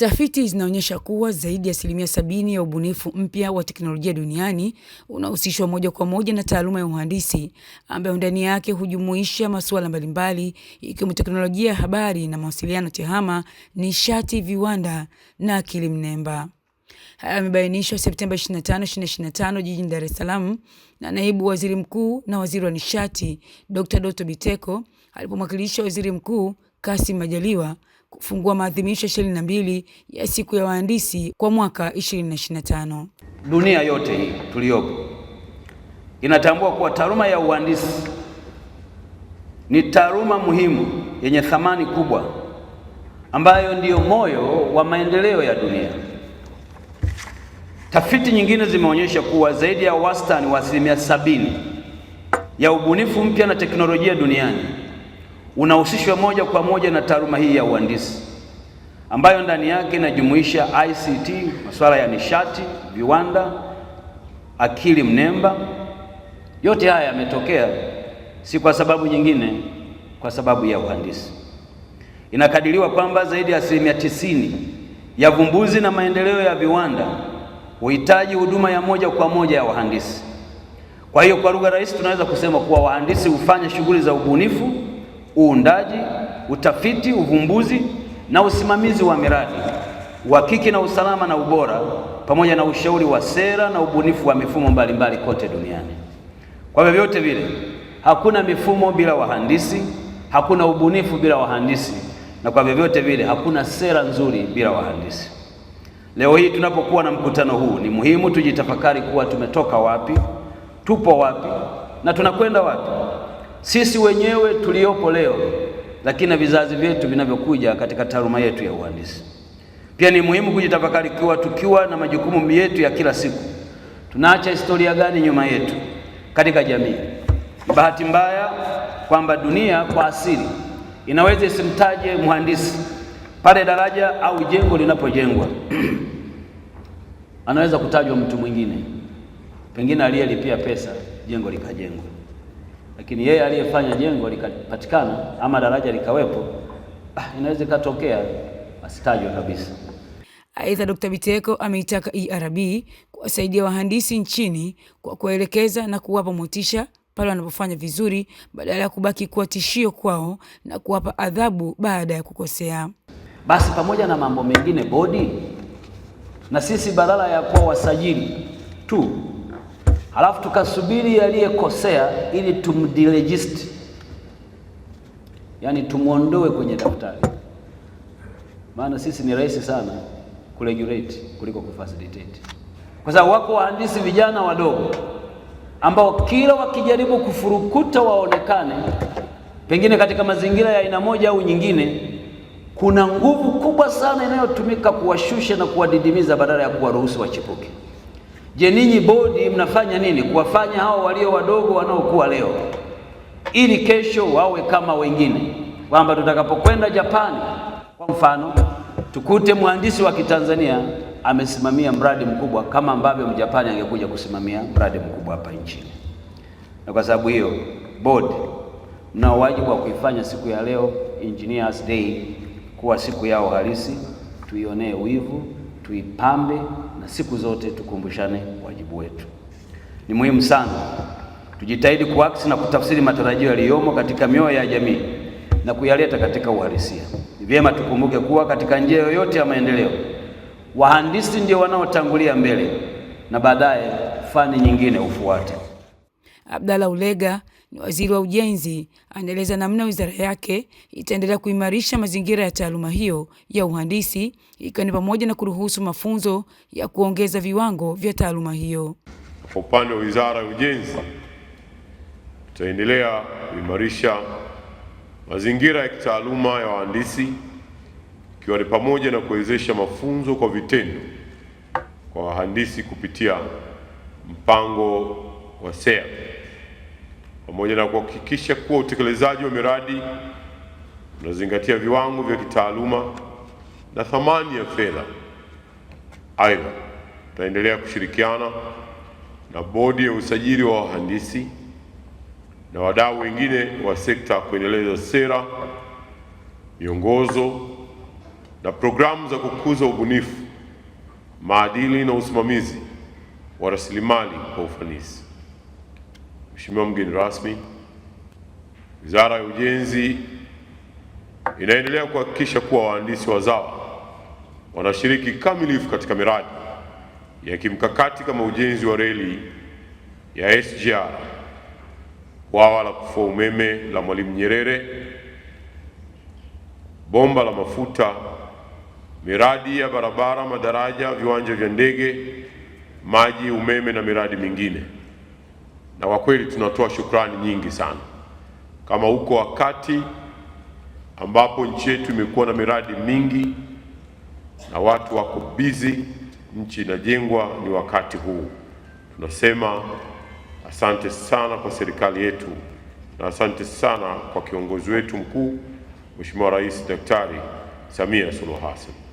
Tafiti zinaonyesha kuwa zaidi ya asilimia sabini ya ubunifu mpya wa teknolojia duniani unahusishwa moja kwa moja na taaluma ya uhandisi ambayo ndani yake hujumuisha masuala mbalimbali ikiwemo teknolojia ya habari na mawasiliano, tehama, nishati, viwanda na akili mnemba. Haya yamebainishwa Septemba 25, 2025 jijini Dar es Salaam na naibu waziri mkuu na waziri wa nishati Dr. Doto Biteko alipomwakilisha waziri mkuu Kassim Majaliwa kufungua maadhimisho ishirini na mbili ya siku ya wahandisi kwa mwaka 2025. Dunia yote hii tuliyopo inatambua kuwa taaluma ya uhandisi ni taaluma muhimu yenye thamani kubwa ambayo ndiyo moyo wa maendeleo ya dunia. Tafiti nyingine zimeonyesha kuwa zaidi ya wastani wa asilimia sabini ya ubunifu mpya na teknolojia duniani unahusishwa moja kwa moja na taaluma hii ya uhandisi ambayo ndani yake inajumuisha ICT, masuala ya nishati, viwanda, akili mnemba. Yote haya yametokea si kwa sababu nyingine, kwa sababu ya uhandisi. Inakadiriwa kwamba zaidi ya asilimia tisini ya vumbuzi na maendeleo ya viwanda huhitaji huduma ya moja kwa moja ya wahandisi. Kwa hiyo, kwa lugha rahisi, tunaweza kusema kuwa wahandisi hufanya shughuli za ubunifu uundaji, utafiti, uvumbuzi na usimamizi wa miradi, uhakiki na usalama na ubora, pamoja na ushauri wa sera na ubunifu wa mifumo mbalimbali mbali kote duniani. Kwa vyovyote vile, hakuna mifumo bila wahandisi, hakuna ubunifu bila wahandisi, na kwa vyovyote vile hakuna sera nzuri bila wahandisi. Leo hii tunapokuwa na mkutano huu, ni muhimu tujitafakari kuwa tumetoka wapi, tupo wapi na tunakwenda wapi sisi wenyewe tuliopo leo, lakini na vizazi vyetu vinavyokuja katika taaluma yetu ya uhandisi. Pia ni muhimu kujitafakari kiwa tukiwa na majukumu yetu ya kila siku, tunaacha historia gani nyuma yetu katika jamii? Bahati mbaya kwamba dunia kwa asili inaweza isimtaje mhandisi pale daraja au jengo linapojengwa anaweza kutajwa mtu mwingine, pengine aliyelipia pesa jengo likajengwa lakini yeye aliyefanya jengo likapatikana ama daraja likawepo, ah, inaweza ikatokea asitajwe kabisa. Aidha, Dkt. Biteko ameitaka ERB kuwasaidia wahandisi nchini kwa kuwaelekeza na kuwapa motisha pale wanapofanya vizuri badala ya kubaki kuwa tishio kwao na kuwapa adhabu baada ya kukosea. Basi pamoja na mambo mengine, bodi na sisi badala ya kuwa wasajili tu halafu tukasubiri aliyekosea ili tumdirejisti, yaani tumwondoe kwenye daftari. Maana sisi ni rahisi sana kuregulate kuliko kufacilitate, kwa sababu wako wahandisi vijana wadogo ambao kila wakijaribu kufurukuta waonekane, pengine katika mazingira ya aina moja au nyingine, kuna nguvu kubwa sana inayotumika kuwashusha na kuwadidimiza badala ya kuwaruhusu wachipuke. Je, ninyi bodi mnafanya nini kuwafanya hao walio wadogo wanaokuwa leo ili kesho wawe kama wengine, kwamba tutakapokwenda Japani kwa mfano tukute mhandisi wa Kitanzania amesimamia mradi mkubwa kama ambavyo Mjapani angekuja kusimamia mradi mkubwa hapa nchini. Na kwa sababu hiyo, bodi mnao wajibu wa kuifanya siku ya leo Engineers Day kuwa siku yao halisi, tuionee wivu tuipambe na siku zote tukumbushane wajibu wetu. Ni muhimu sana tujitahidi kuakisi na kutafsiri matarajio yaliyomo katika mioyo ya jamii na kuyaleta katika uhalisia. Ni vyema tukumbuke kuwa katika njia yoyote ya maendeleo, wahandisi ndio wanaotangulia mbele na baadaye fani nyingine hufuata. Abdalla Ulega Waziri wa Ujenzi anaeleza namna wizara yake itaendelea kuimarisha mazingira ya taaluma hiyo ya uhandisi ikiwa ni pamoja na kuruhusu mafunzo ya kuongeza viwango vya taaluma hiyo. Kwa upande wa Wizara ya Ujenzi, tutaendelea kuimarisha mazingira ya kitaaluma ya wahandisi ikiwa ni pamoja na kuwezesha mafunzo kwa vitendo kwa wahandisi kupitia mpango wa SEA pamoja na kuhakikisha kuwa utekelezaji wa miradi unazingatia viwango vya kitaaluma na thamani ya fedha. Aidha, tutaendelea kushirikiana na bodi ya usajili wa wahandisi na wadau wengine wa sekta kuendeleza sera, miongozo na programu za kukuza ubunifu, maadili na usimamizi wa rasilimali kwa ufanisi. Mheshimiwa mgeni rasmi, Wizara ya Ujenzi inaendelea kuhakikisha kuwa wahandisi wazawa wanashiriki kamilifu katika miradi ya kimkakati kama ujenzi wa reli ya SGR, bwawa la kufua umeme la Mwalimu Nyerere, bomba la mafuta, miradi ya barabara, madaraja, viwanja vya ndege, maji, umeme na miradi mingine na kwa kweli tunatoa shukrani nyingi sana, kama huko wakati ambapo nchi yetu imekuwa na miradi mingi na watu wako bizi, nchi inajengwa, ni wakati huu tunasema asante sana kwa serikali yetu na asante sana kwa kiongozi wetu mkuu Mheshimiwa Rais Daktari Samia Suluhu Hassan.